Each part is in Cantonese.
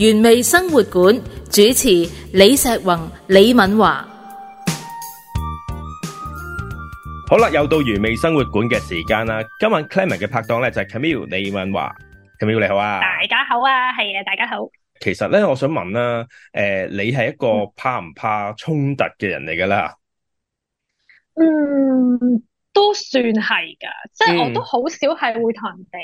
原味生活館主持李碩宏、李敏華。好啦，又到原味生活館嘅時間啦。今晚 Clement 嘅拍檔咧就係、是、Camille 李敏華，Camille 你好啊。大家好啊，係啊，大家好。其實咧，我想問啦、啊，誒、呃，你係一個怕唔怕衝突嘅人嚟噶啦？嗯。都算係噶，即係我都好少係會同人哋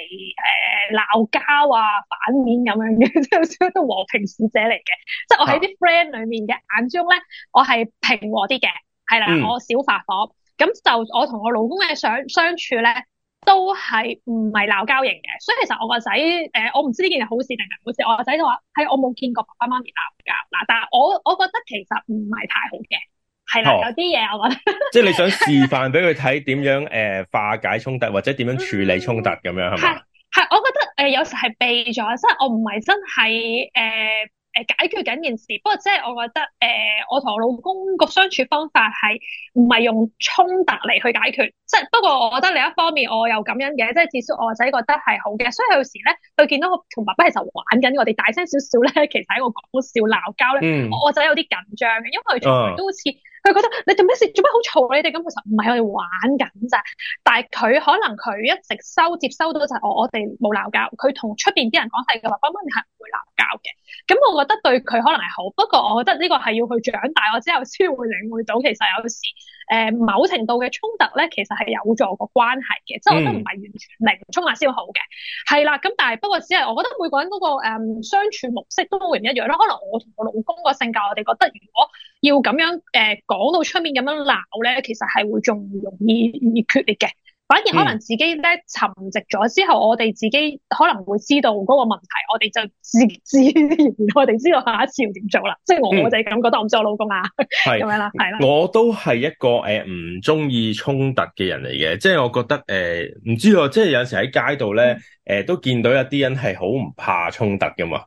誒鬧交啊、反面咁樣嘅， 即係少都和平使者嚟嘅。即係我喺啲 friend 裏面嘅眼中咧，我係平和啲嘅，係啦，我少發火。咁、嗯、就我同我老公嘅相相處咧，都係唔係鬧交型嘅。所以其實我個仔誒，我唔知呢件係好事定係唔好事。我個仔就話：，係、哎、我冇見過爸爸媽咪鬧交。嗱，但係我我覺得其實唔係太好嘅。係啦，有啲嘢我覺得，即係你想示範俾佢睇點樣誒化解衝突或者點樣處理衝突咁樣係咪？係，我覺得誒有時係避咗，即係我唔係真係誒誒解決緊件事。不過即係我覺得誒、呃、我同我老公個相處方法係唔係用衝突嚟去解決。即係不過我覺得另一方面我又咁樣嘅，即係至少我仔覺得係好嘅。所以有時咧佢見到我同爸爸其實玩緊，我哋大聲少少咧，其實係一個好笑鬧交咧。嗯、我仔有啲緊張嘅，因為都好似、嗯。佢覺得你做咩事做咩好嘈咧？你哋咁其實唔係我哋玩緊咋，但係佢可能佢一直收接收到就係我我哋冇鬧交，佢同出邊啲人講係嘅，爸爸媽媽係唔會鬧交嘅。咁我覺得對佢可能係好，不過我覺得呢個係要去長大，我之後先會領會到其實有時。誒、呃、某程度嘅衝突咧，其實係有助個關係嘅，嗯、即係我覺得唔係完全零衝突消耗嘅，係啦。咁但係不過只係，我覺得每個人嗰、那個、嗯、相處模式都會唔一樣咯。可能我同我老公個性格，我哋覺得如果要咁樣誒、呃、講到出面咁樣鬧咧，其實係會仲容易容易決裂嘅。反而可能自己咧、嗯、沉寂咗之後，我哋自己可能會知道嗰個問題，我哋就自自然我哋知道下一次要點做啦。嗯、即係我我哋感覺都唔知我老公啊，咁是 樣啦，係啦。我都係一個誒唔中意衝突嘅人嚟嘅，即係我覺得誒唔、呃、知道，即係有時喺街度咧誒都見到一啲人係好唔怕衝突噶嘛。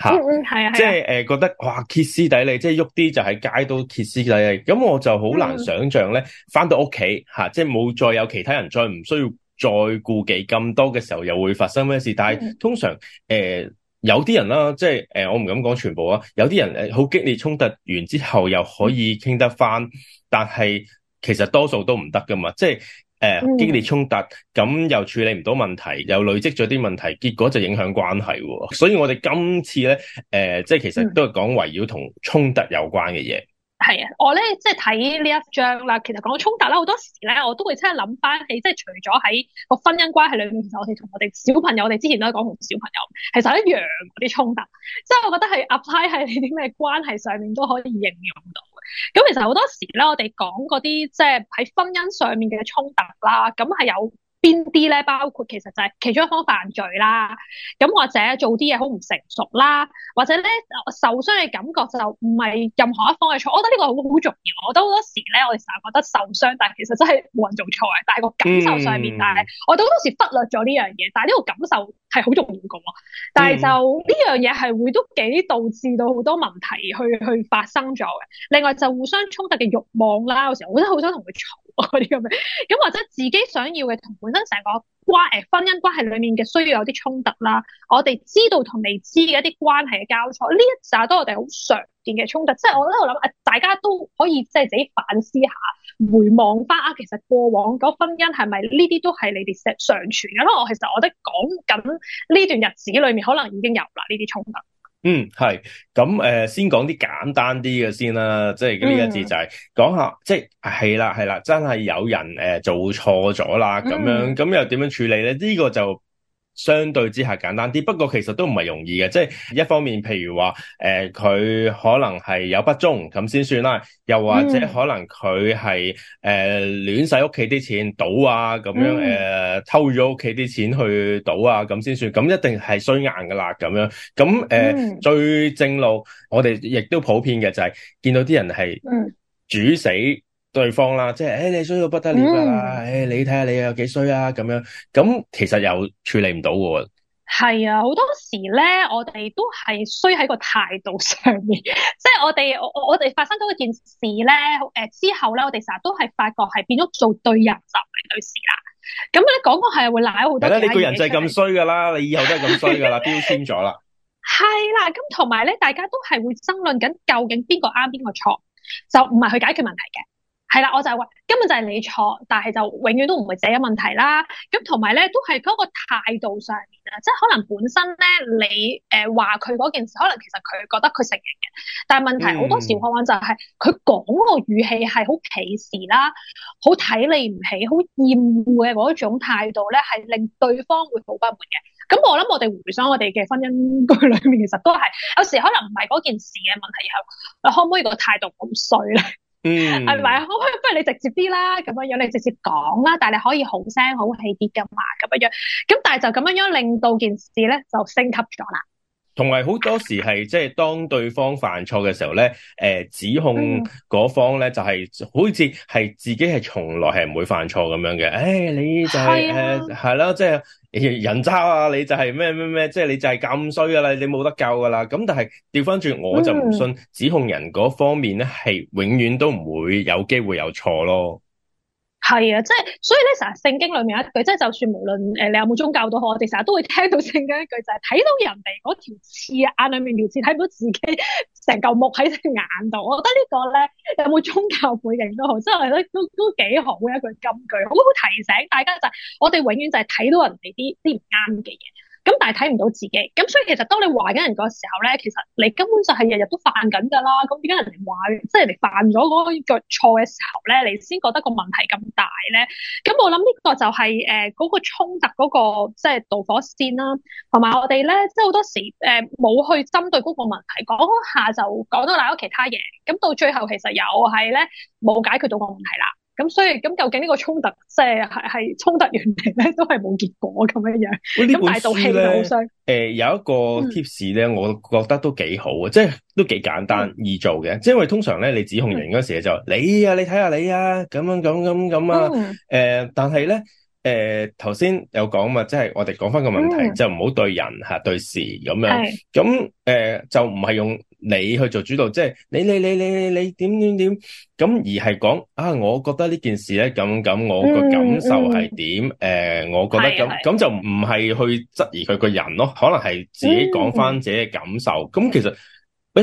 吓，即係誒，覺得哇，歇斯底里、嗯、，即係喐啲就喺街度歇斯底里。咁我就好難想象咧，翻到屋企吓，即係冇再有其他人，再唔需要再顧忌咁多嘅時候，又會發生咩事？但係、嗯、通常誒、呃，有啲人啦、啊，即係誒，我唔敢講全部啊，有啲人誒，好激烈衝突完之後，又可以傾得翻，但係其實多數都唔得噶嘛，即係。誒，uh, 激烈衝突，咁又處理唔到問題，又累積咗啲問題，結果就影響關係啊。所以我哋今次咧，誒，呃，即係其實都係講圍繞同衝突有關嘅嘢。係啊，我咧即係睇呢一章啦。其實講到衝突啦，好多時咧，我都會真係諗翻起，即係除咗喺個婚姻關係裏面，其實我哋同我哋小朋友，我哋之前都係講同小朋友，其實一樣嗰啲衝突。即係我覺得係 apply 喺你啲咩關係上面都可以應用到。咁其實好多時咧，我哋講嗰啲即係喺婚姻上面嘅衝突啦，咁係有。邊啲咧？包括其實就係其中一方犯罪啦，咁或者做啲嘢好唔成熟啦，或者咧受傷嘅感覺就唔係任何一方嘅錯。我覺得呢個好好重要。我覺得好多時咧，我哋成日覺得受傷，但係其實真係冇人做錯嘅，但係個感受上面，嗯嗯、但係我都好多時忽略咗呢樣嘢。但係呢個感受係好重要嘅。但係就呢、嗯、樣嘢係會都幾導致到好多問題去去發生咗嘅。另外就互相衝突嘅欲望啦，有時我覺得好想同佢吵。我啲咁嘅，咁 或者自己想要嘅同本身成個關誒婚姻關係裏面嘅需要有啲衝突啦。我哋知道同未知嘅一啲關係嘅交錯，呢一扎都我哋好常見嘅衝突。即係我喺度諗啊，大家都可以即係自己反思下，回望翻啊，其實過往個婚姻係咪呢啲都係你哋成日上傳嘅？咯。因為我其實我啲講緊呢段日子裏面，可能已經有啦呢啲衝突。嗯，係，咁誒、呃，先講啲簡單啲嘅先啦，即係呢一節就係講下，嗯、即係係啦，係啦，係啦，真係有人誒、呃、做錯咗啦，咁樣，咁、嗯、又點樣處理咧？呢、這個就。相對之下簡單啲，不過其實都唔係容易嘅，即係一方面，譬如話誒佢可能係有不忠咁先算啦，又或者可能佢係誒亂使屋企啲錢賭啊，咁樣誒、呃、偷咗屋企啲錢去賭啊，咁先算，咁一定係衰硬噶啦，咁樣咁誒、呃嗯、最正路，我哋亦都普遍嘅就係、是、見到啲人係煮死。對方啦，即係誒、哎，你衰到不得了啦！誒、嗯哎，你睇下你有幾衰啊？咁樣咁，其實又處理唔到嘅。係啊，好多時咧，我哋都係衰喺個態度上面。即係我哋我我哋發生咗一件事咧，誒之後咧，我哋成日都係發覺係變咗做對人就唔係對事啦。咁咧，講講係會瀨好多。但係你個人就係咁衰噶啦，你以後都係咁衰噶啦，標籤咗啦。係啦，咁同埋咧，大家都係會爭論緊究竟邊個啱邊個錯，就唔係去解決問題嘅。係啦，我就係、是、話根本就係你錯，但係就永遠都唔會自己問題啦。咁同埋咧，都係嗰個態度上面啊，即係可能本身咧，你誒話佢嗰件事，可能其實佢覺得佢承認嘅，但係問題好多時往往就係佢講個語氣係好歧視啦，好睇你唔起，好厭惡嘅嗰種態度咧，係令對方會好不滿嘅。咁我諗我哋回想我哋嘅婚姻句裏面，其實都係有時可能唔係嗰件事嘅問題，係可唔可以個態度咁衰咧。嗯，係咪、mm hmm. 好，不如你直接啲啦？咁樣樣你直接講啦，但係你可以好聲好氣啲噶嘛？咁樣樣，咁但係就咁樣樣令到件事咧就升級咗啦。同埋好多時係即係當對方犯錯嘅時候咧，誒、呃、指控嗰方咧就係、是、好似係自己係從來係唔會犯錯咁樣嘅。誒、哎，你就係誒係啦，即係、啊呃就是、人渣啊！你就係咩咩咩，即、就、係、是、你就係咁衰噶啦，你冇得救噶啦。咁但係掉返轉，我就唔信、嗯、指控人嗰方面咧，係永遠都唔會有機會有錯咯。係啊，即係、就是、所以咧，成日聖經裡面一句，即係就算無論誒你有冇宗教都好，我哋成日都會聽到聖經一句，就係、是、睇到人哋嗰條刺，眼裏面條刺，睇唔到自己成嚿木喺隻眼度。我覺得個呢個咧有冇宗教背景都好，真係都都都幾好嘅一句金句，好好提醒大家就係、是、我哋永遠就係睇到人哋啲啲唔啱嘅嘢。咁但係睇唔到自己，咁所以其實當你話緊人嗰時候咧，其實你根本就係日日都犯緊噶啦。咁而家人哋話，即係你犯咗嗰個錯嘅時候咧，你先覺得個問題咁大咧。咁我諗呢個就係誒嗰個衝突嗰個即係導火線啦，同埋我哋咧即係好多時誒冇去針對嗰個問題，講下就講到大家其他嘢，咁到最後其實又係咧冇解決到個問題啦。咁所以咁究竟呢個衝突即係係衝突完嚟咧，都係冇結果咁樣樣，咁 大度氣都好傷。誒、呃，有一個 tips 咧，我覺得都幾好啊，嗯、即係都幾簡單易做嘅。即係因為通常咧，你指控人嗰時就、嗯、你啊，你睇下你啊，咁樣咁咁咁啊。誒、嗯呃，但係咧，誒、呃，頭先有講嘛，即係我哋講翻個問題，嗯、就唔好對人吓、啊、對事咁樣。咁誒、嗯，就唔係用。你去做主導，即、就、係、是、你你你你你你點點點咁，而係講啊，我覺得呢件事咧，咁咁我個感受係點？誒、嗯呃，我覺得咁咁的就唔係去質疑佢個人咯，可能係自己講翻自己嘅感受。咁、嗯嗯、其實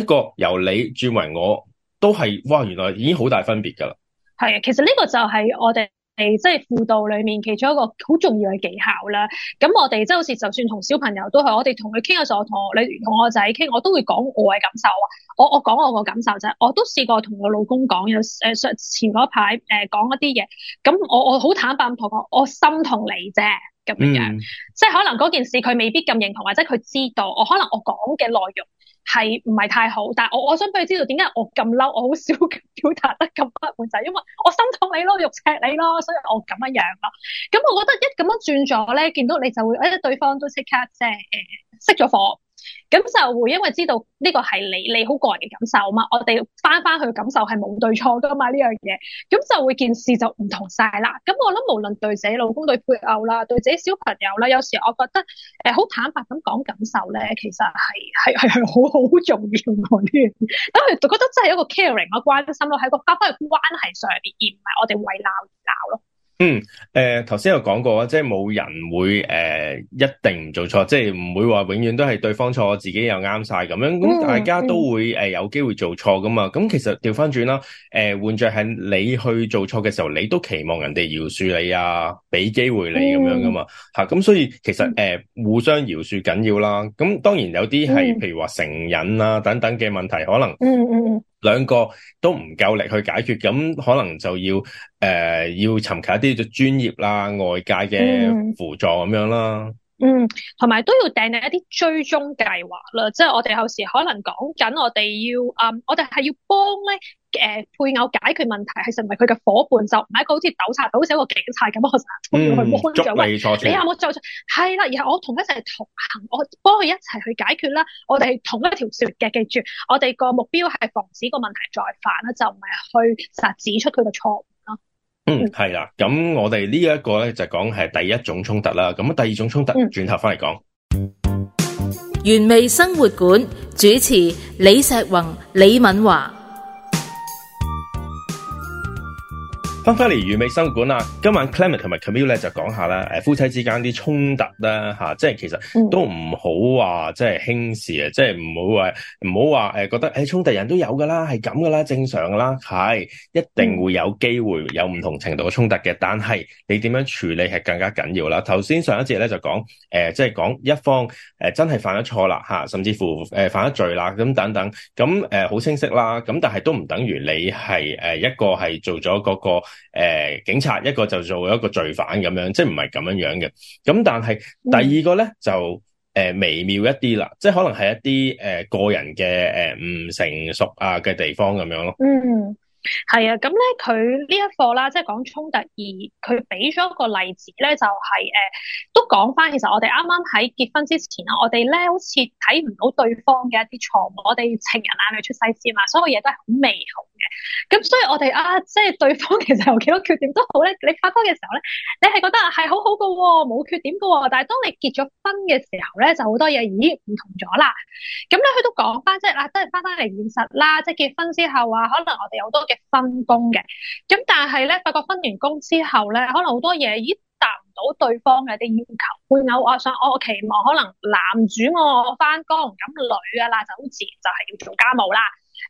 一個由你轉為我，都係哇，原來已經好大分別噶啦。係啊，其實呢個就係我哋。誒，即係輔導裏面其中一個好重要嘅技巧啦。咁我哋即係好似就算同小朋友都係，我哋同佢傾嘅時候，我同我你同我仔傾，我都會講我嘅感受啊。我我講我個感受就係，我都試過同我老公講有誒，上、呃、前嗰排誒講一啲嘢。咁我我好坦白咁同佢「我，我心痛你」啫，咁樣。嗯，即係可能嗰件事佢未必咁認同，或者佢知道我可能我講嘅內容，係唔係太好？但係我我想俾佢知道，點解，我咁嬲，我好少表達得咁不滿，就係因為我心痛你咯，肉赤你咯，所以我咁樣樣咯。咁我覺得一咁樣轉咗咧，見到你就會，誒對方都即刻即係誒熄咗火。咁就會因為知道呢個係你你好個人嘅感受啊嘛，我哋翻翻去感受係冇對錯噶嘛呢樣嘢，咁就會件事就唔同晒啦。咁我諗無論對自己老公對配偶啦，對自己小朋友啦，有時我覺得誒好、呃、坦白咁講感受咧，其實係係係好好重要呢樣嘢，咁佢覺得真係一個 caring 嘅關心咯，喺個翻翻關係上面，而唔係我哋為鬧而鬧咯。嗯，誒、呃，頭先有講過啊，即係冇人會誒、呃、一定唔做錯，即係唔會話永遠都係對方錯，自己又啱晒咁樣。咁大家都會誒、呃、有機會做錯噶嘛。咁其實調返轉啦，誒、呃，換着係你去做錯嘅時候，你都期望人哋饒恕你啊，俾機會你咁樣噶嘛。吓，咁所以其實誒、呃，互相饒恕緊要啦。咁當然有啲係，嗯、譬如話成癮啊等等嘅問題，可能嗯。嗯嗯。兩個都唔夠力去解決，咁可能就要誒、呃，要尋求一啲嘅專業啦，外界嘅輔助咁樣啦。嗯，同埋都要訂定一啲追蹤計劃啦，即係我哋有時可能講緊，我哋要，嗯，我哋係要幫咧，誒、呃，配偶解決問題，係成為佢嘅夥伴，就唔係一個好似督察到好似一個警察咁，我去 hold 住。嗯、喂你有冇做錯？係啦，然後我同一齊同行，我幫佢一齊去解決啦。我哋係同一條船嘅，記住，我哋個目標係防止個問題再犯啦，就唔係去實指出佢嘅錯。嗯，係啦，咁我哋呢一個咧就講係第一種衝突啦，咁第二種衝突轉頭翻嚟講。嗯、原味生活館主持李碩宏、李敏華。翻返嚟愉美生活館啦，今晚 Clement 同埋 Camille 咧就講下啦，誒、呃、夫妻之間啲衝突啦。吓、啊，即係其實都唔好話即係輕視啊，即係唔好話唔、嗯、好話誒覺得誒、哎、衝突人都有噶啦，係咁噶啦，正常噶啦，係一定會有機會有唔同程度嘅衝突嘅，但係你點樣處理係更加緊要啦。頭先上一節咧就講，誒即係講一方誒、呃、真係犯咗錯啦吓，甚至乎誒、呃、犯咗罪啦咁等等，咁誒好清晰啦，咁但係都唔等於你係誒一個係做咗嗰個。誒、呃，警察一個就做一個罪犯咁樣，即係唔係咁樣樣嘅。咁但係第二個咧、嗯、就誒、呃、微妙一啲啦，即係可能係一啲誒、呃、個人嘅誒唔成熟啊嘅地方咁樣咯。嗯。係啊，咁咧佢呢一課啦，即係講衝突而，而佢俾咗一個例子咧，就是，就係誒，都講翻。其實我哋啱啱喺結婚之前啊，我哋咧好似睇唔到對方嘅一啲錯誤，我哋情人眼，啊，裏出西施嘛，所有嘢都係好美好嘅。咁所以我哋啊，即係對方其實有幾多缺點都好咧。你拍拖嘅時候咧，你係覺得係好好噶、啊，冇缺點噶、啊。但係當你結咗婚嘅時候咧，就好多嘢已經唔同咗啦。咁咧佢都講翻，即係啦，即係翻翻嚟現實啦，即係結婚之後啊，可能我哋有好多嘅。分工嘅，咁但係咧，發覺分完工之後咧，可能好多嘢，咦達唔到對方嘅啲要求。配偶啊，想我，我期望可能男主我翻工，咁女啊啦就好似就係要做家務啦。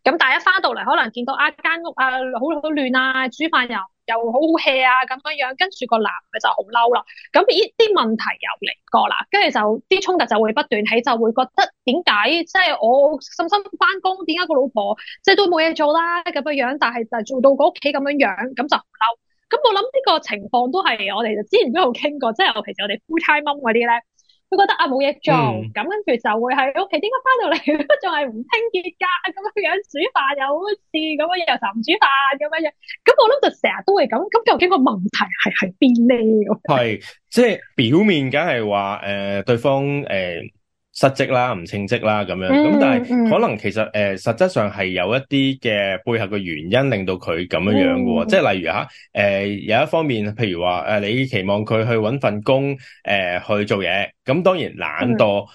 咁但係一翻到嚟，可能見到啊間屋啊好好亂啊，煮飯又。又好好氣啊咁樣樣，跟住個男嘅就好嬲啦。咁呢啲問題又嚟過啦，跟住就啲衝突就會不斷起，就會覺得點解即係我深心翻工，點解個老婆即係都冇嘢做啦咁嘅樣？但係就做到個屋企咁樣樣，咁就嬲。咁我諗呢個情況都係我哋之前都有傾過，即係尤其是我哋 full time mom 嗰啲咧。佢覺得啊冇嘢做，咁跟住就會喺屋企。點解翻到嚟都仲係唔清潔㗎？咁樣煮飯又好似，咁樣又唔煮飯，咁樣。咁我諗就成日都會咁。咁究竟個問題係喺邊呢？係 即係表面，梗係話誒對方誒。呃失職啦，唔稱職啦，咁樣咁，但係、嗯嗯、可能其實誒、呃，實質上係有一啲嘅背後嘅原因令到佢咁樣樣嘅喎，嗯、即係例如嚇誒、呃、有一方面，譬如話誒、呃，你期望佢去揾份工誒、呃、去做嘢，咁、呃、當然懶惰。嗯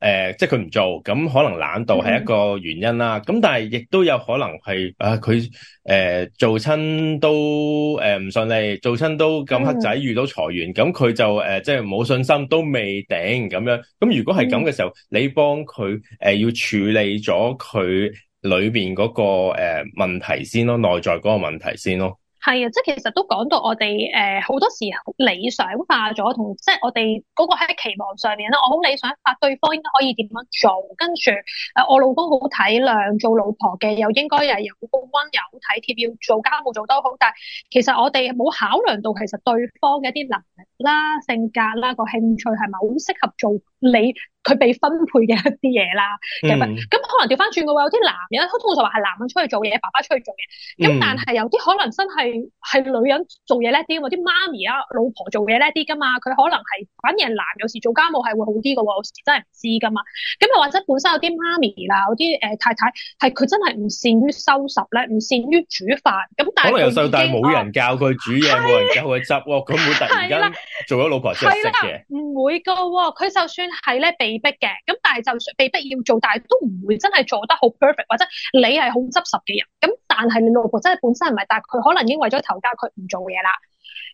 誒、呃，即係佢唔做，咁可能懶惰係一個原因啦。咁、嗯、但係亦都有可能係啊，佢誒、呃、做親都誒唔順利，做親都咁黑仔、嗯、遇到裁員，咁佢就誒、呃、即係冇信心，都未頂咁樣。咁如果係咁嘅時候，嗯、你幫佢誒要處理咗佢裏邊嗰、那個誒、呃、問題先咯，內在嗰個問題先咯。係啊，即係其實都講到我哋誒，好、呃、多時候理想化咗，同即係我哋嗰個喺期望上面咧，我好理想化對方應該可以點樣做，跟住誒、呃、我老公好體諒做老婆嘅，又應該又係又好溫柔、好體貼，要做家務做得好，但係其實我哋冇考量到其實對方嘅一啲能力啦、性格啦、個興趣係咪好適合做你。佢被分配嘅一啲嘢啦，咁、嗯、可能調翻轉嘅喎，有啲男人，佢通常話係男人出去做嘢，爸爸出去做嘢，咁、嗯、但係有啲可能真係係女人做嘢叻啲啊啲媽咪啊、老婆做嘢叻啲噶嘛，佢可能係反而係男有時做家務係會好啲嘅喎，有時真係唔知噶嘛，咁又或者本身有啲媽咪啦，有啲誒、呃、太太係佢真係唔善於收拾咧，唔善於煮飯，咁但係可能佢細細冇人教佢煮嘢，冇、哎、人教佢執喎，咁的、哦、會突然間做咗老婆即係食嘅，唔會嘅喎，佢就算係咧被。被逼嘅，咁但係就被逼要做，但係都唔會真係做得好 perfect，或者你係好執拾嘅人，咁但係你老婆真係本身唔係，但係佢可能已經為咗頭家，佢唔做嘢啦。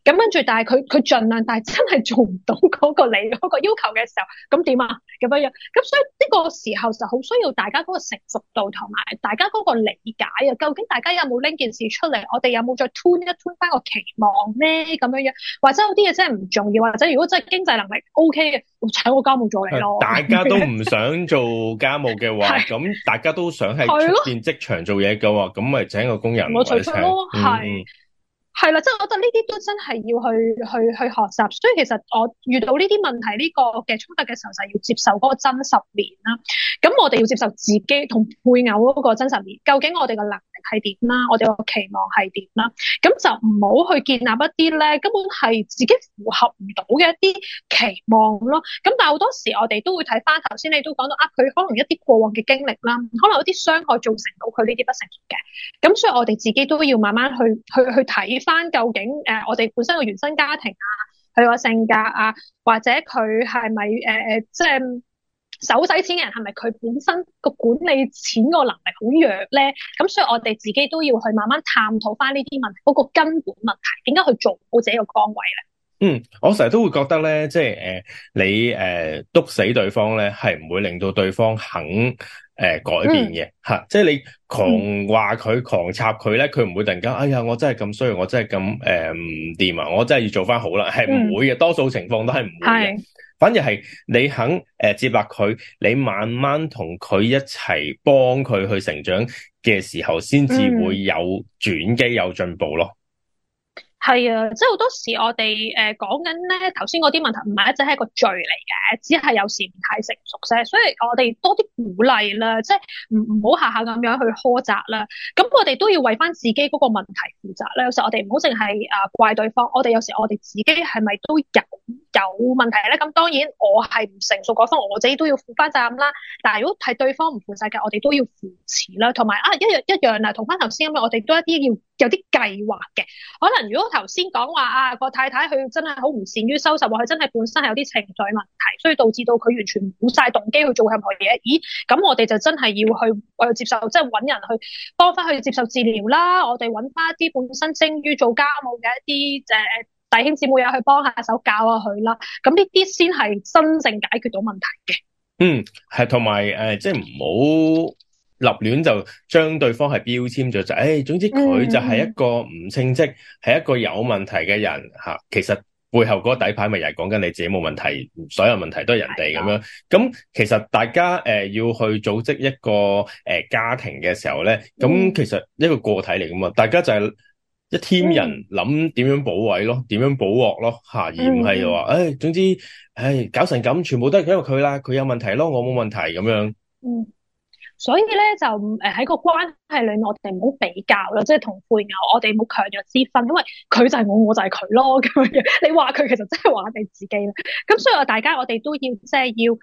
咁跟住，但係佢佢儘量，但係真係做唔到嗰個你嗰、嗰個要求嘅時候，咁點啊？咁樣，咁所以呢個時候就好需要大家嗰個成熟度同埋大家嗰個理解啊。究竟大家有冇拎件事出嚟？我哋有冇再 tune 一 tune 翻個期望咧？咁樣樣，或者有啲嘢真係唔重要，或者如果真係經濟能力 O K 嘅，請個家務助理咯。大家都唔想做家務嘅話，咁 的大家都想係變職場做嘢嘅話，咁咪的請個工人嚟一齊。係的。嗯係啦，即係我覺得呢啲都真係要去去去學習，所以其實我遇到呢啲問題呢、呢個嘅衝突嘅時候就係、係、要接受嗰個真實面啦。咁我哋要接受自己同配偶嗰個真實面，究竟我哋嘅能力係點啦，我哋嘅期望係點啦，咁就唔好去建立一啲咧根本係自己符合唔到嘅一啲期望咯。咁但係好多時我哋都會睇返頭先你都講到啊，佢可能一啲過往嘅經歷啦，可能有啲傷害造成到佢呢啲不成熟嘅，咁所以我哋自己都要慢慢去去去睇。去翻究竟誒、呃，我哋本身嘅原生家庭啊，佢個性格啊，或者佢係咪誒誒，即、呃、係、就是、手使錢嘅人係咪佢本身個管理錢個能力好弱咧？咁所以我哋自己都要去慢慢探討翻呢啲問題，嗰、那個根本問題，點解去做唔好自己個崗位咧？嗯，我成日都會覺得咧，即係誒、呃、你誒、呃、篤死對方咧，係唔會令到對方肯。誒、呃，改變嘅吓，嗯、即係你狂話佢，狂插佢咧，佢唔會突然間，嗯、哎呀，我真係咁衰，我真係咁誒唔掂啊，我真係要做翻好啦，係唔會嘅，嗯、多數情況都係唔會嘅。嗯、反而係你肯誒、呃、接納佢，你慢慢同佢一齊幫佢去成長嘅時候，先至會有轉機，嗯、有進步咯。係啊，即係好多時我哋誒、呃、講緊咧，頭先嗰啲問題唔係一隻係個罪嚟嘅，只係有時唔太成熟啫。所以我哋多啲鼓勵啦，即係唔唔好下下咁樣去苛責啦。咁我哋都要為翻自己嗰個問題負責啦。有時候我哋唔好淨係啊怪對方，我哋有時我哋自己係咪都有？有問題咧，咁當然我係唔成熟嗰方，我自己都要負翻責任啦。但係如果係對方唔負責嘅，我哋都要扶持啦。同埋啊，一樣一樣啊，同翻頭先咁啊，我哋都一啲要有啲計劃嘅。可能如果頭先講話啊個太太佢真係好唔善於收拾，佢真係本身係有啲情緒問題，所以導致到佢完全冇晒動機去做任何嘢。咦，咁我哋就真係要去，我、呃、要接受即係揾人去幫翻去接受治療啦。我哋揾翻一啲本身精於做家務嘅一啲誒。呃弟兄姊妹有去幫下手教下佢啦，咁呢啲先係真正解決到問題嘅。嗯，係同埋誒，即係唔好立亂就將對方係標籤咗就，誒、哎，總之佢就係一個唔稱職，係、嗯、一個有問題嘅人吓、啊。其實背後嗰個底牌咪又係講緊你自己冇問題，所有問題都係人哋咁的樣。咁、嗯、其實大家誒、呃、要去組織一個誒、呃、家庭嘅時候咧，咁、嗯、其實一個個體嚟噶嘛，大家就係、是。一 team 人諗點樣補位咯，點樣補鑊咯，吓而唔係話，誒、哎，總之，誒、哎，搞成咁，全部都係因為佢啦，佢有問題咯，我冇問題咁樣。嗯。所以咧，就誒，喺個關係裏面，我哋唔好比較咯，即係同配偶，我哋冇強弱之分，因為佢就係我，我就係佢咯咁樣樣。 你話佢其實真係話我哋自己啦。咁所以我大家我哋都要即係要誒，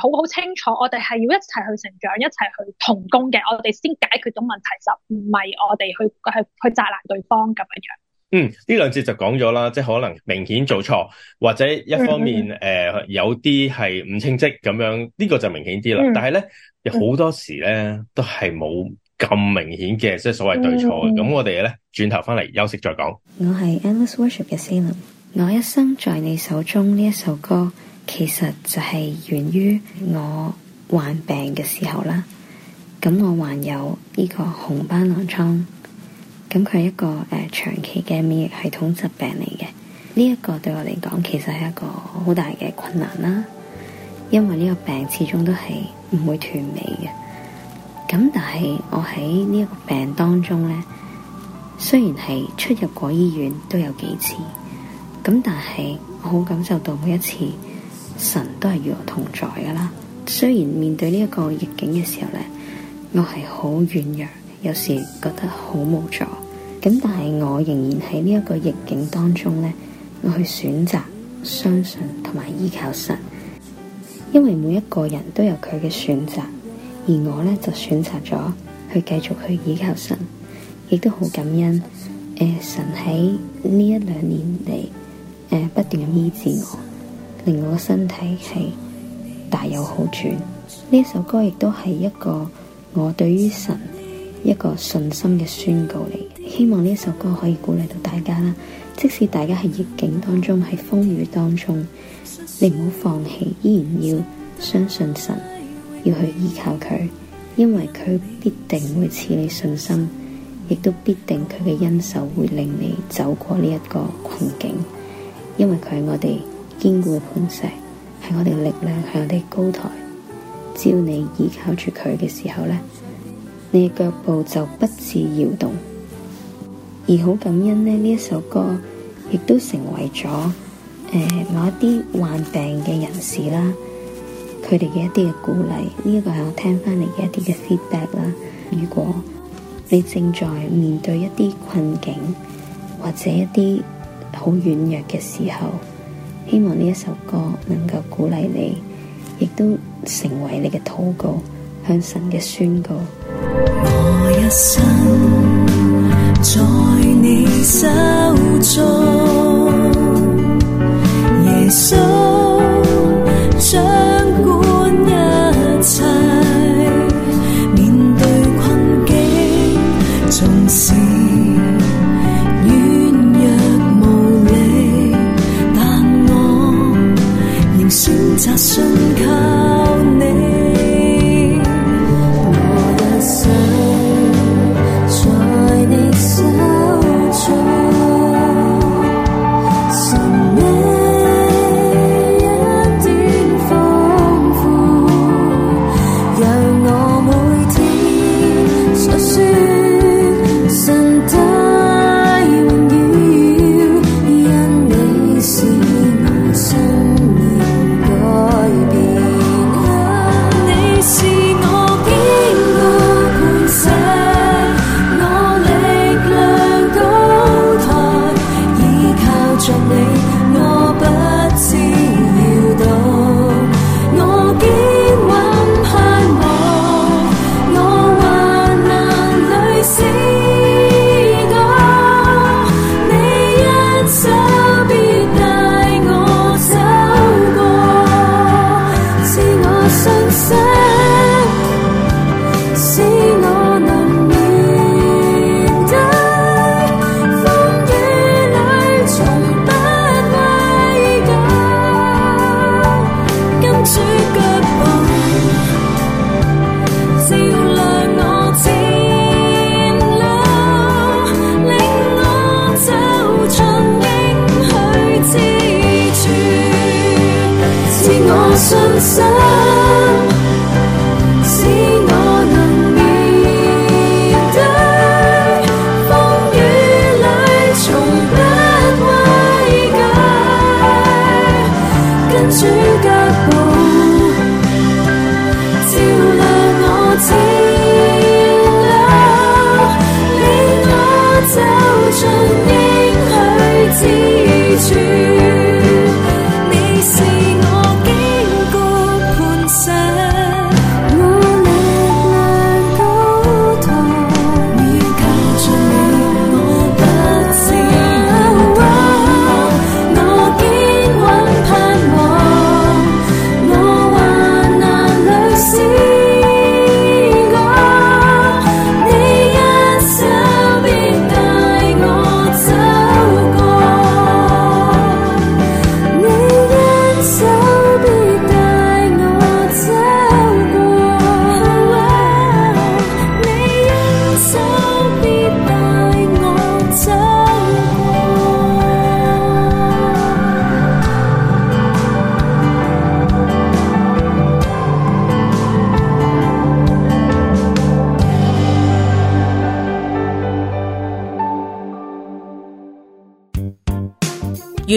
好好清楚，我哋係要一齊去成長，一齊去同工嘅，我哋先解決到問題，就唔係我哋去去去責難對方咁樣樣。嗯，呢兩節就講咗啦，即係可能明顯做錯，或者一方面誒、 呃、有啲係唔清晰咁樣，呢、這個就明顯啲啦。 但係咧，有好多時咧都係冇咁明顯嘅，即係所謂對錯嘅。咁 我哋咧轉頭翻嚟休息再講。我係 Endless Worship 嘅 Celine，我一生在你手中呢一首歌，其實就係源於我患病嘅時候啦。咁我患有呢個紅斑狼瘡。咁佢係一個誒、呃、長期嘅免疫系統疾病嚟嘅，呢一個對我嚟講，其實係一個好大嘅困難啦。因為呢個病始終都係唔會斷尾嘅。咁但係我喺呢一個病當中呢，雖然係出入過醫院都有幾次，咁但係我好感受到每一次神都係與我同在噶啦。雖然面對呢一個逆境嘅時候呢，我係好軟弱。有時覺得好無助，咁但係我仍然喺呢一個逆境當中呢，我去選擇相信同埋依靠神，因為每一個人都有佢嘅選擇，而我呢，就選擇咗去繼續去依靠神，亦都好感恩誒、呃、神喺呢一兩年嚟、呃、不斷咁醫治我，令我嘅身體係大有好轉。呢首歌亦都係一個我對於神。一個信心嘅宣告嚟，希望呢首歌可以鼓勵到大家啦。即使大家喺逆境當中，喺風雨當中，你唔好放棄，依然要相信神，要去依靠佢，因為佢必定會賜你信心，亦都必定佢嘅恩手會令你走過呢一個困境。因為佢係我哋堅固嘅磐石，係我哋嘅力量，係我哋嘅高台。只要你依靠住佢嘅時候咧，你嘅腳步就不自搖動，而好感恩呢，呢一首歌亦都成為咗誒，某、呃、一啲患病嘅人士啦，佢哋嘅一啲嘅鼓勵，呢、這、一個係我聽翻嚟嘅一啲嘅 feedback 啦。如果你正在面對一啲困境或者一啲好軟弱嘅時候，希望呢一首歌能夠鼓勵你，亦都成為你嘅禱告。向神嘅宣告，我一生在你手中。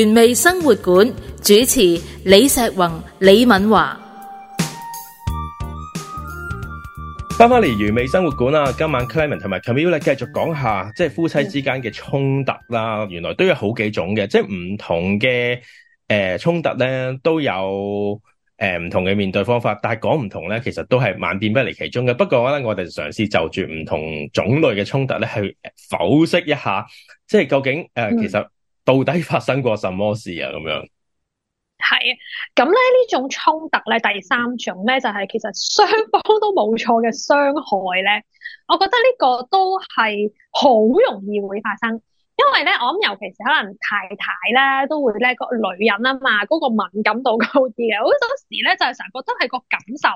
原味生活館主持李碩宏、李敏華。翻返嚟原味生活館啦，今晚 Clayman 同埋 Chamille 咧，繼續講下，嗯、即係夫妻之間嘅衝突啦。原來都有好幾種嘅，即係唔同嘅，誒衝突咧都有誒唔、呃、同嘅面對方法。但係講唔同咧，其實都係萬變不離其中嘅。不過咧，我哋嘗試就住唔同種類嘅衝突咧，去剖析一下，即係究竟誒、呃、其實、嗯。到底發生過什麼事啊？咁樣係啊，咁咧呢種衝突咧，第三種咧就係、是，其實雙方都冇錯嘅傷害咧。我覺得呢個都係好容易會發生，因為咧我諗尤其是可能太太咧都會咧個女人啊嘛，嗰、那個敏感度高啲嘅，好多時咧就成日覺得係個感受。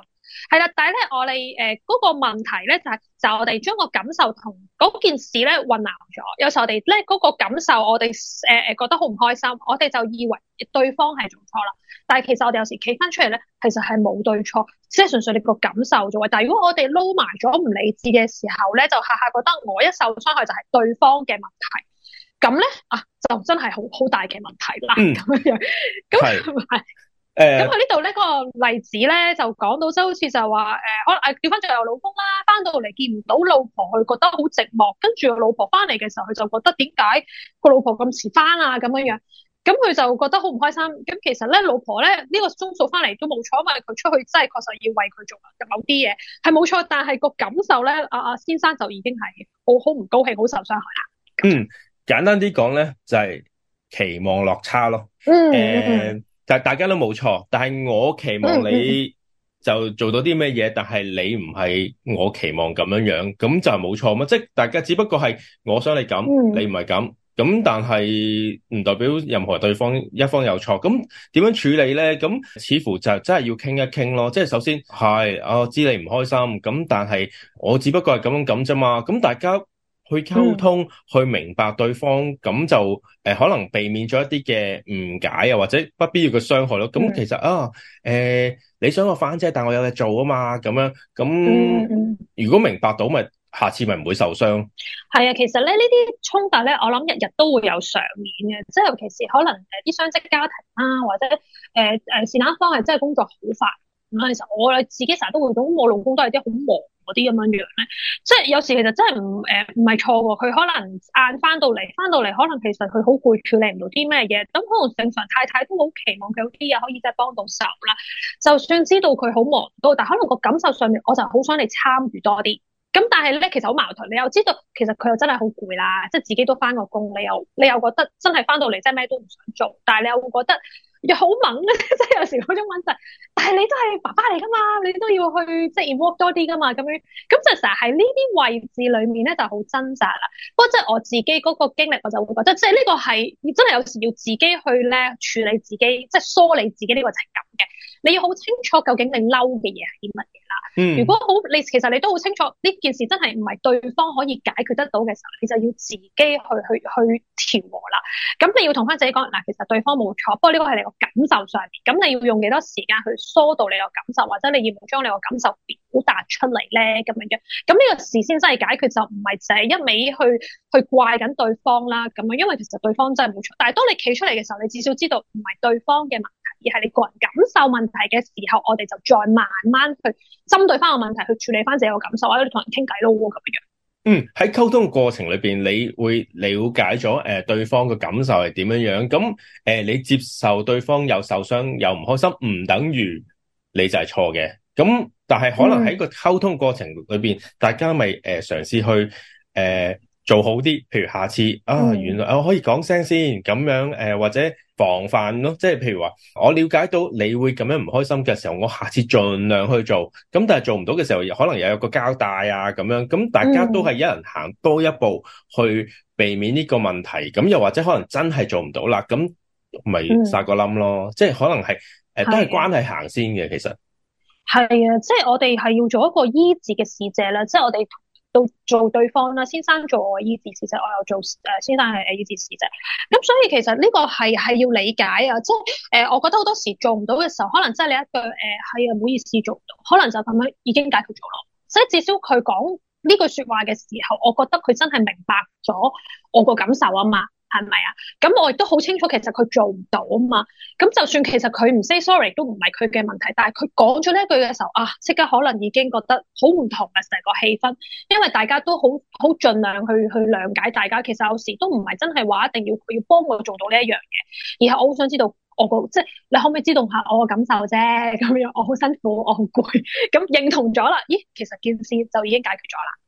係啦，但係咧，我哋誒嗰個問題咧就係，就係我哋將個感受同嗰件事咧混淆咗。有時候我哋咧嗰個感受我，我哋誒誒覺得好唔開心，我哋就以為對方係做錯啦。但係其實我哋有時企翻出嚟咧，其實係冇對錯，即係純粹你個感受啫。但係如果我哋撈埋咗唔理智嘅時候咧，就下下覺得我一受傷害就係對方嘅問題，咁咧啊就真係好好大嘅問題啦。咁樣樣，咁係。咁佢呢度呢個例子咧，就講到即係好似就話誒，可能誒掉翻轉頭老公啦，翻到嚟見唔到老婆，佢覺得好寂寞。跟住個老婆翻嚟嘅時候，佢就覺得點解個老婆咁遲翻啊？咁樣樣，咁佢就覺得好唔開心。咁其實咧，老婆咧呢個鐘數翻嚟都冇錯，因為佢出去真係確實要為佢做某啲嘢，係冇錯。但係個感受咧，阿阿先生就已經係好好唔高興，好受傷害啦。嗯，簡單啲講咧，就係期望落差咯。嗯。嗯。但大家都冇錯，但係我期望你就做到啲咩嘢？但係你唔係我期望咁樣樣，咁就係冇錯嘛？即係大家只不過係我想你咁，你唔係咁，咁但係唔代表任何對方一方有錯，咁點樣處理咧？咁似乎就真係要傾一傾咯。即係首先係啊，我知你唔開心，咁但係我只不過係咁樣咁啫嘛。咁大家。去溝通，去明白對方咁、嗯、就誒、呃，可能避免咗一啲嘅誤解啊，或者不必要嘅傷害咯。咁、嗯、其實啊誒、呃，你想我翻車，但我有嘢做啊嘛。咁樣咁，如果明白到，咪下次咪唔會受傷。係啊，其實咧呢啲衝突咧，我諗日日都會有上演嘅，即係尤其是可能誒啲雙職家庭啦、啊，或者誒誒、呃、是哪方係真係工作好煩咁。其實我自己成日都會咁，我老公都係啲好忙。啲咁樣樣咧，即係有時其實真係唔誒唔係錯喎。佢可能晏翻到嚟，翻到嚟可能其實佢好攰，處理唔到啲咩嘢。咁可能正常太太都好期望佢有啲嘢可以即係幫到手啦。就算知道佢好忙都，但可能個感受上面我就好想你參與多啲。咁、嗯、但係咧，其實好矛盾。你又知道其實佢又真係好攰啦，即係自己都翻個工，你又你又覺得真係翻到嚟即係咩都唔想做，但係你又會覺得又好猛，即 係有時嗰種掹。但係你都係爸爸嚟噶嘛，你都要去即係 involve 多啲噶嘛。咁樣咁就成日喺呢啲位置裡面咧，就好掙扎啦。不過即係我自己嗰個經歷，我就會覺得即係呢個係真係有時要自己去咧處理自己，即係梳理自己呢個情感嘅。你要好清楚究竟你嬲嘅嘢係啲乜嘢啦。嗯、如果好，你其實你都好清楚呢件事真係唔係對方可以解決得到嘅時候，你就要自己去去去調和啦。咁你要同翻自己講嗱，其實對方冇錯，不過呢個係你個感受上面。咁你要用幾多時間去疏導你個感受，或者你要唔將你個感受表達出嚟咧咁樣嘅。咁呢個事先真係解決就唔係淨係一味去去怪緊對方啦。咁樣因為其實對方真係冇錯，但係當你企出嚟嘅時候，你至少知道唔係對方嘅而係你個人感受問題嘅時候，我哋就再慢慢去針對翻個問題去處理翻自己個感受，或者同人傾偈咯咁樣。嗯，喺溝通嘅過程裏邊，你會了解咗誒、呃、對方嘅感受係點樣樣。咁誒、呃，你接受對方有受傷有唔開心，唔等於你就係錯嘅。咁但係可能喺個溝通過程裏邊，嗯、大家咪誒嘗試去誒。呃做好啲，譬如下次啊，原來我可以講聲先，咁樣誒、呃，或者防範咯，即係譬如話我了解到你會咁樣唔開心嘅時候，我下次盡量去做，咁但係做唔到嘅時候，可能又有一個交代啊，咁樣，咁大家都係一人行多一步去避免呢個問題，咁、嗯、又或者可能真係做唔到啦，咁咪撒個冧咯，嗯、即係可能係誒、呃、的都係關係行先嘅，其實係啊，即係、就是、我哋係要做一個醫治嘅使者啦，即、就、係、是、我哋。做做對方啦，先生做我嘅醫治事啫，我又做誒、呃、先生係誒醫治事啫。咁所以其實呢個係係要理解啊，即係誒，我覺得好多時做唔到嘅時候，可能真係你一句誒係、呃、啊，唔好意思做唔到，可能就咁樣已經解決咗咯。所以至少佢講呢句説話嘅時候，我覺得佢真係明白咗我個感受啊嘛。係咪啊？咁我亦都好清楚，其實佢做唔到啊嘛。咁就算其實佢唔 say sorry 都唔係佢嘅問題，但係佢講咗呢一句嘅時候啊，即刻可能已經覺得好唔同啊成個氣氛，因為大家都好好盡量去去諒解大家。其實有時都唔係真係話一定要佢要幫我做到呢一樣嘢，而係我好想知道我個即係你可唔可以知道下我嘅感受啫。咁樣我好辛苦，我好攰，咁認同咗啦。咦，其實件事就已經解決咗啦。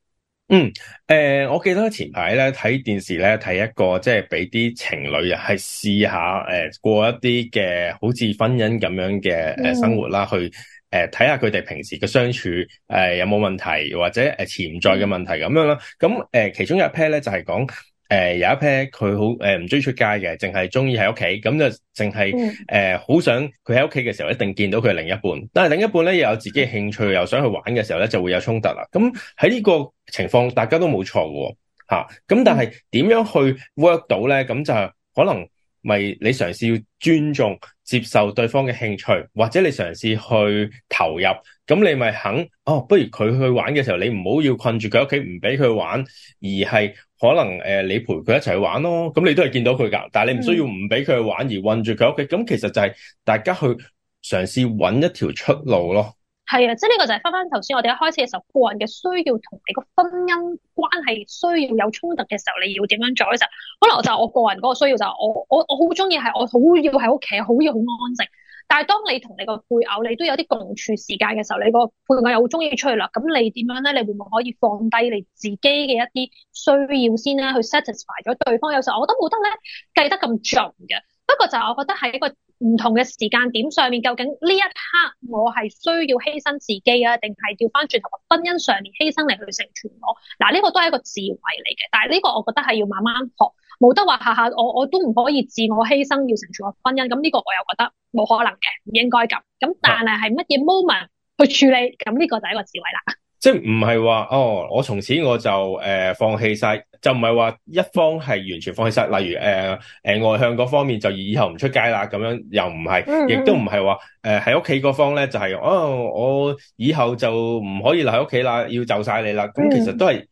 嗯，誒、呃，我記得前排咧睇電視咧睇一個即係俾啲情侶啊，係試下誒過一啲嘅好似婚姻咁樣嘅誒生活啦，嗯、去誒睇下佢哋平時嘅相處誒、呃、有冇問題，或者誒潛在嘅問題咁、嗯、樣啦。咁、呃、誒其中有一 pair 咧就係講。誒、呃，有一批佢好誒，唔中意出街嘅，淨係中意喺屋企，咁就淨係誒，好、呃、想佢喺屋企嘅時候一定見到佢另一半。但係另一半咧又有自己嘅興趣，又想去玩嘅時候咧，就會有衝突啦。咁喺呢個情況，大家都冇錯嘅吓。咁、啊、但係點樣去 work 到咧？咁就可能咪你嘗試要尊重、接受對方嘅興趣，或者你嘗試去投入。咁你咪肯哦，不如佢去玩嘅時候，你唔好要，要困住佢屋企，唔俾佢玩，而係。可能誒、呃、你陪佢一齊玩咯、哦，咁你都係見到佢噶，但係你唔需要唔俾佢玩而困住佢喺屋企，咁、嗯、其實就係大家去嘗試揾一條出路咯。係啊，即係呢個就係翻翻頭先，我哋一開始嘅時候，個人嘅需要同你個婚姻關係需要有衝突嘅時候，你要點樣做嘅時候，可能就係我個人嗰個需要就係、是、我我我好中意係我好要喺屋企，好要好安靜。但係當你同你個配偶，你都有啲共處時間嘅時候，你個配偶又好中意出去啦，咁你點樣咧？你會唔會可以放低你自己嘅一啲需要先咧，去 satisfy 咗對方？有時候我都冇得咧計得咁盡嘅。不過就係我覺得喺一個唔同嘅時間點上面，究竟呢一刻我係需要犧牲自己啊，定係調翻轉頭婚姻上面犧牲嚟去成全我？嗱，呢個都係一個智慧嚟嘅。但係呢個我覺得係要慢慢學。冇得話，下下我我都唔可以自我犧牲要成全我婚姻，咁、這、呢個我又覺得冇可能嘅，唔應該咁。咁但係係乜嘢 moment 去處理，咁、這、呢個就係一個智慧啦。啊、即係唔係話哦，我從此我就誒、呃、放棄晒，就唔係話一方係完全放棄晒。例如誒誒、呃呃、外向嗰方面就以後唔出街啦，咁樣又唔係，亦都唔係話誒喺屋企嗰方咧就係、是、哦我以後就唔可以留喺屋企啦，要就晒你啦。咁、嗯、其實都係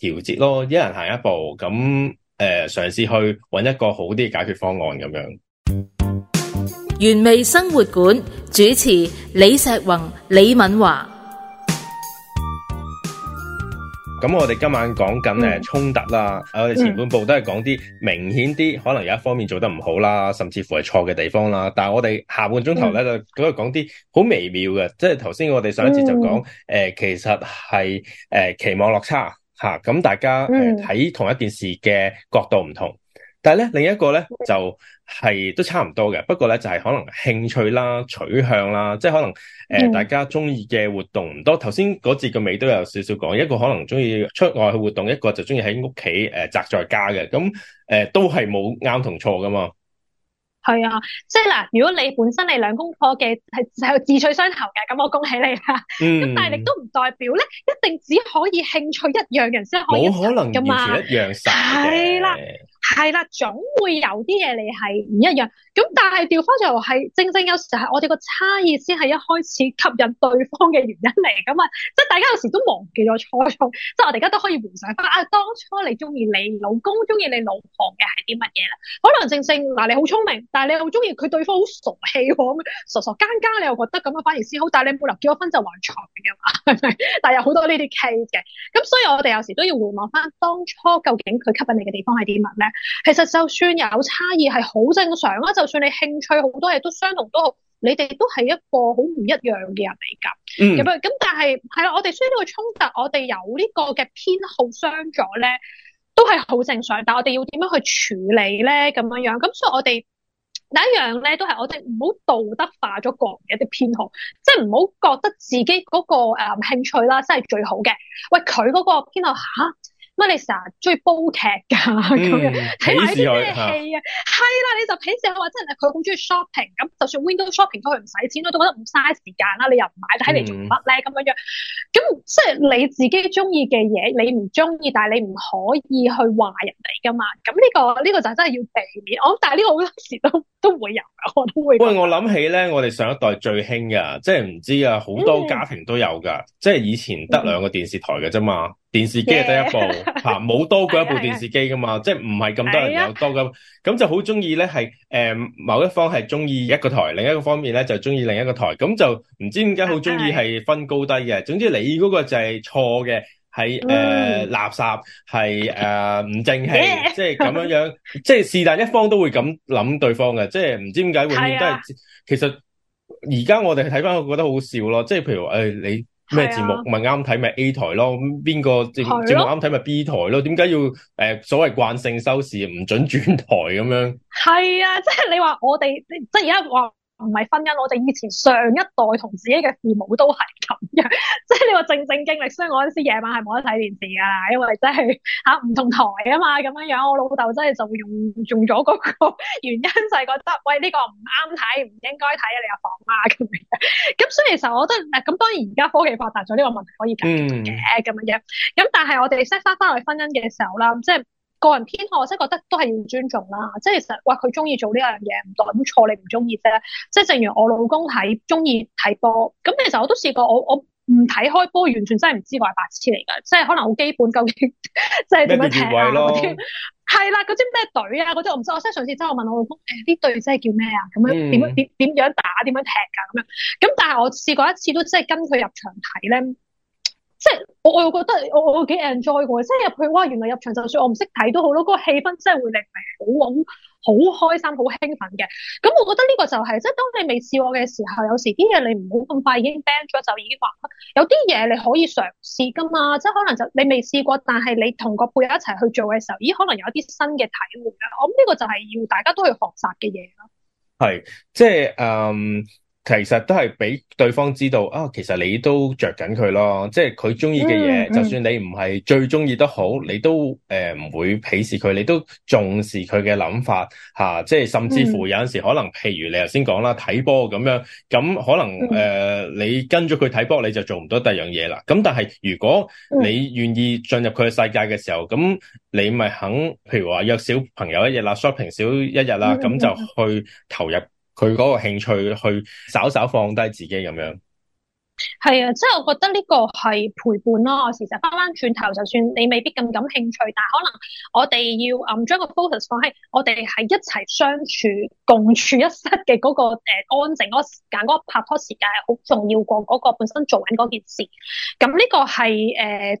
調節咯，一人行一步咁。誒，嘗試去搵一個好啲嘅解決方案咁樣。原味生活館主持李碩宏、李敏華。咁我哋今晚講緊誒衝突啦，嗯、我哋前半部都係講啲明顯啲，可能有一方面做得唔好啦，甚至乎係錯嘅地方啦。但係我哋下半鐘頭咧就講一講啲好微妙嘅，即係頭先我哋上一節就講，誒、嗯呃、其實係誒、呃、期望落差。吓咁、啊、大家誒，睇、呃、同一件事嘅角度唔同，但係咧另一個咧就係、是、都差唔多嘅，不過咧就係、是、可能興趣啦、取向啦，即係可能誒、呃，大家中意嘅活動唔多。頭先嗰節個尾都有少少講，一個可能中意出外去活動，一個就中意喺屋企誒宅在家嘅，咁、嗯、誒、呃、都係冇啱同錯噶嘛。係啊，即係嗱，如果你本身係兩公婆嘅係係志趣相投嘅，咁我恭喜你啦。咁、嗯、但係亦都唔代表咧，一定只可以興趣一樣人先可以咁嘛，可能一樣散。係啦。係啦，總會有啲嘢你係唔一樣咁，但係調翻轉係正正有時係我哋個差異先係一開始吸引對方嘅原因嚟嘅嘛，咁啊，即係大家有時都忘記咗初衷，即係我哋而家都可以回想翻啊，當初你中意你老公，中意你老婆嘅係啲乜嘢咧？可能正正嗱你好聰明，但係你又好中意佢對方好傻氣喎，傻傻更更，你又覺得咁樣，反而先好，但係你冇理由結咗婚就還債嘅嘛，係咪？但係有好多呢啲 case 嘅，咁所以我哋有時都要回望翻當初究竟佢吸引你嘅地方係啲乜咧？其實就算有差異係好正常啦，就算你興趣好多嘢都相同都好，你都你哋都係一個好唔一樣嘅人嚟噶。咁咁、嗯、但係係啦，我哋雖然呢個衝突，我哋有呢個嘅偏好相左咧，都係好正常。但係我哋要點樣去處理咧咁樣樣？咁所以我哋第一樣咧，都係我哋唔好道德化咗個人嘅一啲偏好，即係唔好覺得自己嗰、嗰個誒、嗯、興趣啦，真係最好嘅。喂，佢嗰個偏好吓？乜你成日 s 中意煲劇噶，咁樣睇埋啲咩戲啊？係啦，你就鄙視我話，真係佢好中意 shopping，咁就算 window shopping 都佢唔使錢啦，都覺得唔嘥時間啦，你又唔買睇嚟做乜咧？咁樣，咁即係你自己中意嘅嘢，你唔中意，但係你唔可以去話人哋噶嘛？咁呢個呢個就真係要避免。我諗，但係呢個好多時都都會有，我都會。喂，我諗起咧，我哋上一代最興噶，即係唔知啊，好多家庭都有噶，即係以前得兩個電視台嘅啫嘛。嗯電視機係得一部，吓冇 Yeah. 多過一部電視機噶嘛，Yeah. 即係唔係咁多人有多噶，咁 Yeah. 就好中意咧，係、呃、誒某一方係中意一個台，另一個方面咧就中意另一個台，咁就唔知點解好中意係分高低嘅。Yeah. 總之你嗰個就係錯嘅，係誒 Yeah.、呃、垃圾，係誒唔正氣，Yeah. 即係咁樣樣，Yeah. 即係是但一方都會咁諗對方嘅，即係唔知點解永遠都係。Yeah. Yeah. 其實而家我哋睇翻，我覺得好笑咯。即係譬如誒你。咩節目咪啱睇咪 A 台咯，咁邊個正、啊、節目正啱睇咪 B 台咯？點解要誒、呃、所謂慣性收視唔准轉台咁樣？係啊，即係你話我哋即係而家話。唔係婚姻，我哋以前上一代同自己嘅父母都係咁樣，即係你話正正經歷，所以我嗰時夜晚係冇得睇電視噶啦，因為真係吓唔同台啊嘛，咁樣樣我老豆真係就會用用咗嗰個原因，就係覺得喂呢個唔啱睇，唔應該睇啊，你阿防啊咁樣，咁所以其實我覺得咁當然而家科技發達咗，呢個問題可以解決嘅咁樣，咁但係我哋 set 翻翻去婚姻嘅時候啦，即係。個人偏好我真係覺得都係要尊重啦，即係實話佢中意做呢樣嘢唔對，冇錯你唔中意啫。即係正如我老公睇中意睇波，咁其實我都試過，我我唔睇開波，完全真係唔知我係白痴嚟噶，即係可能好基本究竟即係點樣踢啊係啦，嗰啲咩隊啊嗰啲我唔知。我即係上次真係我問我老公誒呢、嗯、隊真係叫咩啊？咁樣點點點樣打點樣踢噶咁樣，咁但係我試過一次都即係跟佢入場睇咧。即係我我又覺得我我幾 enjoy 嘅，即係入去哇！原來入場就算我唔識睇都好咯，個氣氛真係會令你好好好開心、好興奮嘅。咁、嗯、我覺得呢個就係、是、即係當你未試過嘅時候，有時啲嘢你唔好咁快已經 ban 咗就已經話，有啲嘢你可以嘗試噶嘛。即係可能就你未試過，但係你同個朋友一齊去做嘅時候，咦？可能有一啲新嘅體會。我諗呢個就係要大家都去學習嘅嘢咯。係，即係誒。Um 其實都係俾對方知道啊，其實你都着緊佢咯，即係佢中意嘅嘢，mm hmm. 就算你唔係最中意都好，你都誒唔、呃、會鄙視佢，你都重視佢嘅諗法吓、啊，即係甚至乎有陣時可能，可能，譬如你頭先講啦，睇波咁樣，咁可能誒你跟咗佢睇波，你就做唔到第二樣嘢啦。咁但係如果你願意進入佢嘅世界嘅時候，咁你咪肯，譬如話約小朋友一日啦，shopping 少一日啦，咁就去投入。佢嗰個興趣去稍稍放低自己咁樣。係啊，即係我覺得呢個係陪伴咯。事實翻返轉頭，就算你未必咁感興趣，但係可能我哋要嗯將個 focus 放喺我哋係一齊相處、共處一室嘅嗰個誒安靜嗰時間、嗰個拍拖時間係好重要過嗰個本身做緊嗰件事。咁呢個係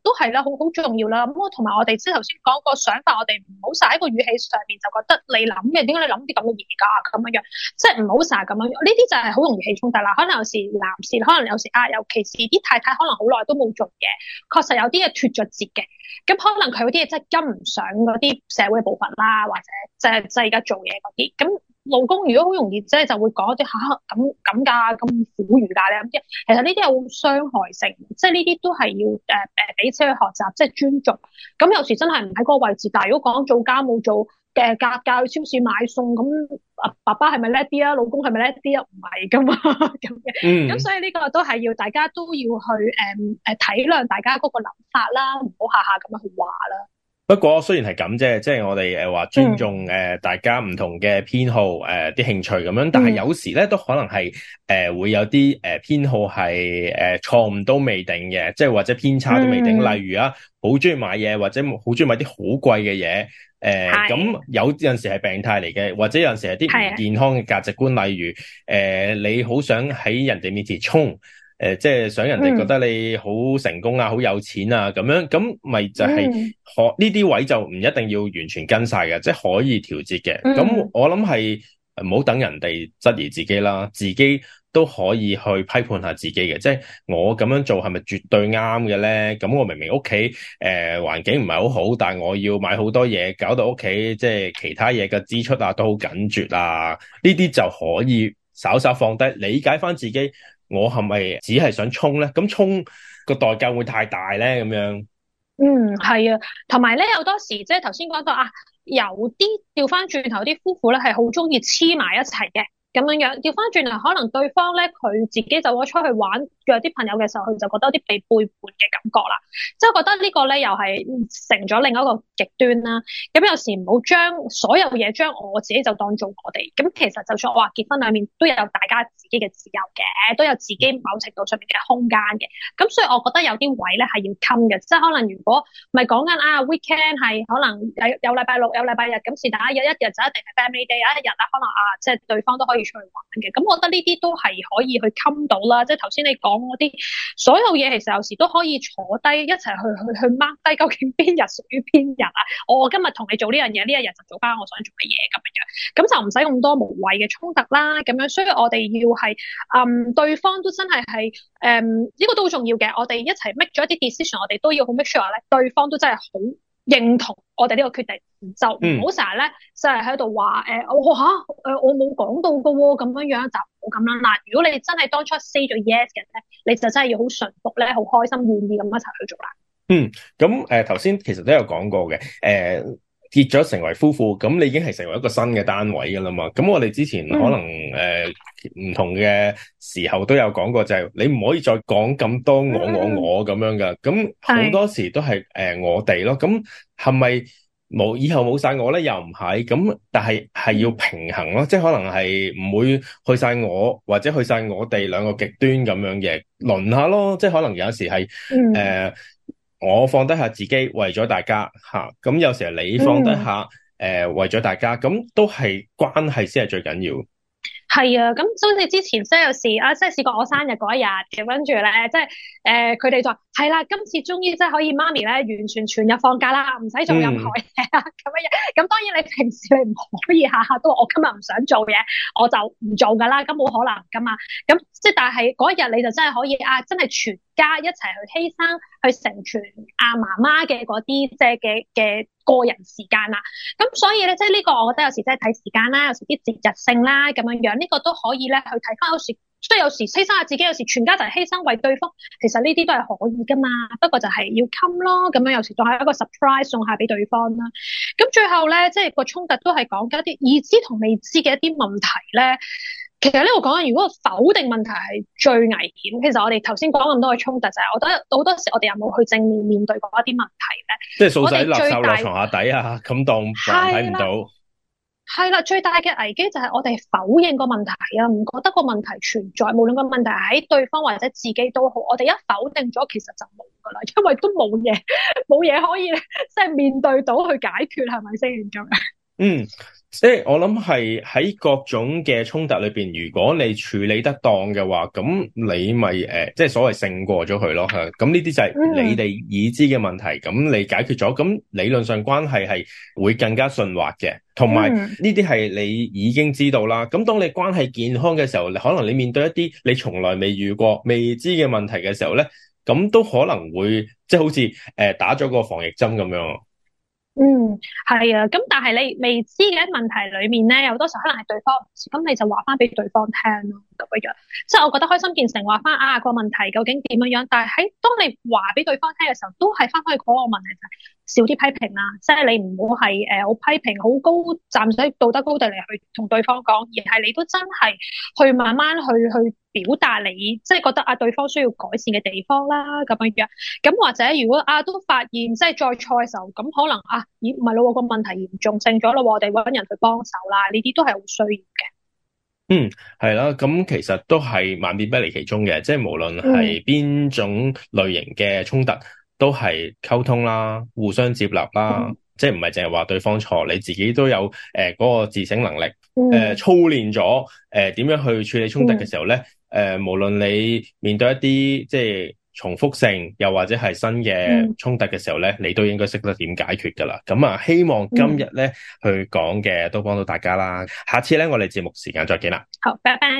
誒都係啦，好好重要啦。咁同埋我哋即係頭先講個想法，我哋唔好晒喺個語氣上面就覺得你諗嘅，點解你諗啲咁嘅嘢㗎咁樣樣，即係唔好曬咁樣。呢啲就係好容易起衝突啦。可能有時男士，可能有時啊有。其實，啲太太可能好耐都冇做嘢，確實有啲嘢脱咗節嘅，咁可能佢有啲嘢真係跟唔上嗰啲社會部分啦，或者即係即係而家做嘢嗰啲，咁、就是、老公如果好容易即係就會講一啲嚇咁咁㗋咁苦如㗎咧，咁、啊、啲其實呢啲有好傷害性，即係呢啲都係要誒誒彼此去學習，即、就、係、是、尊重。咁有時真係唔喺嗰個位置，但係如果講做家務做。嘅價格去超市買餸，咁啊爸爸係咪叻啲啊，老公係咪叻啲啊？唔係噶嘛咁嘅，咁 所以呢個都係要大家都要去誒誒、嗯、體諒大家嗰個諗法啦，唔好下下咁樣去話啦。嗯、不過雖然係咁啫，即、就、係、是、我哋誒話尊重誒大家唔同嘅偏好誒啲興趣咁樣，但係有時咧都可能係誒、呃、會有啲誒偏好係誒錯誤都未定嘅，即係或者偏差都未定。嗯、例如啊，好中意買嘢或者好中意買啲好貴嘅嘢。誒，咁、呃、有啲陣時係病態嚟嘅，或者有陣時係啲唔健康嘅價值觀，例如誒、呃，你好想喺人哋面前衝，誒、呃，即係想人哋覺得你好成功啊，好有錢啊，咁樣，咁咪就係學呢啲位就唔一定要完全跟晒嘅，即係可以調節嘅。咁我諗係唔好等人哋質疑自己啦，自己。都可以去批判下自己嘅，即係我咁樣做係咪絕對啱嘅咧？咁我明明屋企誒環境唔係好好，但係我要買好多嘢，搞到屋企即係其他嘢嘅支出啊都好緊絕啊！呢啲就可以稍稍放低，理解翻自己。我係咪只係想衝咧？咁衝個代價會太大咧？咁樣，嗯，係啊，同埋咧，好多時即係頭先講到啊，有啲調翻轉頭啲夫婦咧係好中意黐埋一齊嘅。咁樣樣，調翻轉嚟，可能對方咧佢自己就攞出去玩約啲朋友嘅時候，佢就覺得有啲被背叛嘅感覺啦，即係覺得個呢個咧又係成咗另一個極端啦。咁、嗯、有時唔好將所有嘢將我自己就當做我哋。咁、嗯、其實就算我話結婚裡面都有大家自己嘅自由嘅，都有自己某程度上面嘅空間嘅。咁、嗯、所以我覺得有啲位咧係要襟嘅，即係可能如果唔係講緊啊，weekend 係可能有有禮拜六有禮拜日咁是但，有日日一日就一定係 family day，有一日啦可能啊即係對方都可以，出去玩嘅，咁我覺得呢啲都係可以去襟到啦。即係頭先你講嗰啲所有嘢，其實有時都可以坐低一齊去去去 mark 低究竟邊日屬於邊日啊？哦、我今日同你做呢樣嘢，呢一日就做翻我想做嘅嘢咁樣，咁就唔使咁多無謂嘅衝突啦。咁樣，所以我哋要係嗯，對方都真係係誒，呢、嗯，這個都好重要嘅。我哋一齊 make 咗一啲 decision，我哋都要好 make sure 咧，對方都真係好。認同我哋呢個決定，就唔好成日咧，即係喺度話，誒、啊，我吓，誒，我冇講到噶喎，咁樣樣就唔好咁樣。嗱，如果你真係當初 say 咗 yes 嘅咧，你就真係要好順服咧，好開心、願意咁一齊去做啦。嗯，咁誒，呃、頭先其實都有講過嘅，誒、呃。結咗成為夫婦，咁你已經係成為一個新嘅單位噶啦嘛。咁我哋之前可能誒，唔、嗯呃、同嘅時候都有講過，就係，就係你唔可以再講咁多我我我咁樣噶。咁好多時都係誒、呃、我哋咯。咁係咪冇以後冇晒我咧？又唔係咁，但係係要平衡咯。即係可能係唔會去晒我，或者去晒我哋兩個極端咁樣嘅輪下咯。即係可能有時係誒。呃嗯我放得下自己，為咗大家吓，咁、啊、有時候，你放得下，誒、嗯呃、為咗大家，咁都係關係先係最緊要。係啊，咁好似之前即係有時啊，即係試過我生日嗰一日嘅，跟住咧即係誒佢哋就話係啦，今次終於即係可以媽咪咧完全全日放假啦，唔使做任何嘢咁嘅嘢。咁、嗯、 當然你平時你唔可以下下都話我今日唔想做嘢，我就唔做噶啦，咁冇可能噶嘛。咁即係但係嗰一日你就真係可以啊，真係全家一齊去犧牲去成全阿媽媽嘅嗰啲即係嘅嘅。個人時間啦，咁所以咧，即係呢個，我覺得有時真係睇時間啦，有時啲節日性啦咁樣樣，呢、這個都可以咧去睇翻。有時即係有時犧牲下自己，有時全家就係犧牲為對方，其實呢啲都係可以㗎嘛。不過就係要襟咯，咁樣有時仲係一個 surprise 送下俾對方啦。咁最後咧，即、就、係、是、個衝突都係講緊一啲已知同未知嘅一啲問題咧。其實呢度講緊，如果否定問題係最危險。其實我哋頭先講咁多嘅衝突，就係、是、我覺得好多時，我哋有冇去正面面對過一啲問題咧？即係掃晒垃圾落床下底啊，咁當睇唔到。係啦，最大嘅危機就係我哋否認個問題啊，唔覺得個問題存在。無論個問題喺對方或者自己都好，我哋一否定咗，其實就冇噶啦，因為都冇嘢，冇嘢可以即係 面對到去解決，係咪先？咁樣。嗯，即係我諗係喺各種嘅衝突裏邊，如果你處理得當嘅話，咁你咪誒、呃，即係所謂勝過咗佢咯。吓、嗯，咁呢啲就係你哋已知嘅問題，咁你解決咗，咁理論上關係係會更加順滑嘅。同埋呢啲係你已經知道啦。咁當你關係健康嘅時候，可能你面對一啲你從來未遇過未知嘅問題嘅時候咧，咁都可能會即係好似誒、呃、打咗個防疫針咁樣。嗯，係啊，咁但係你未知嘅問題裏面咧，好多時候可能係對方唔知，咁你就話翻俾對方聽咯，咁樣，即係我覺得開心見成話翻啊個問題究竟點樣樣，但係喺當你話俾對方聽嘅時候，都係翻翻去嗰個問題，就係少啲批評啦，即係你唔好係誒好批評，好高，暫時道德高地嚟去同對方講，而係你都真係去慢慢去去。表達你即係、就是、覺得啊，對方需要改善嘅地方啦，咁樣樣。咁或者如果啊，都發現即係再錯嘅時候，咁可能啊，咦，唔係咯，個問題嚴重性咗咯，我哋揾人去幫手啦，呢啲都係好需要嘅。嗯，係啦，咁其實都係萬變不離其宗嘅，即係無論係邊種類型嘅衝突，嗯、都係溝通啦，互相接納啦。嗯即係唔係淨係話對方錯，你自己都有誒嗰、呃那個自省能力，誒、嗯呃、操練咗誒點樣去處理衝突嘅時候咧，誒、嗯呃、無論你面對一啲即係重複性，又或者係新嘅衝突嘅時候咧，嗯、你都應該識得點解決㗎喇。咁啊，希望今日咧、嗯、去講嘅都幫到大家啦。下次咧我哋節目時間再見啦。好，拜拜。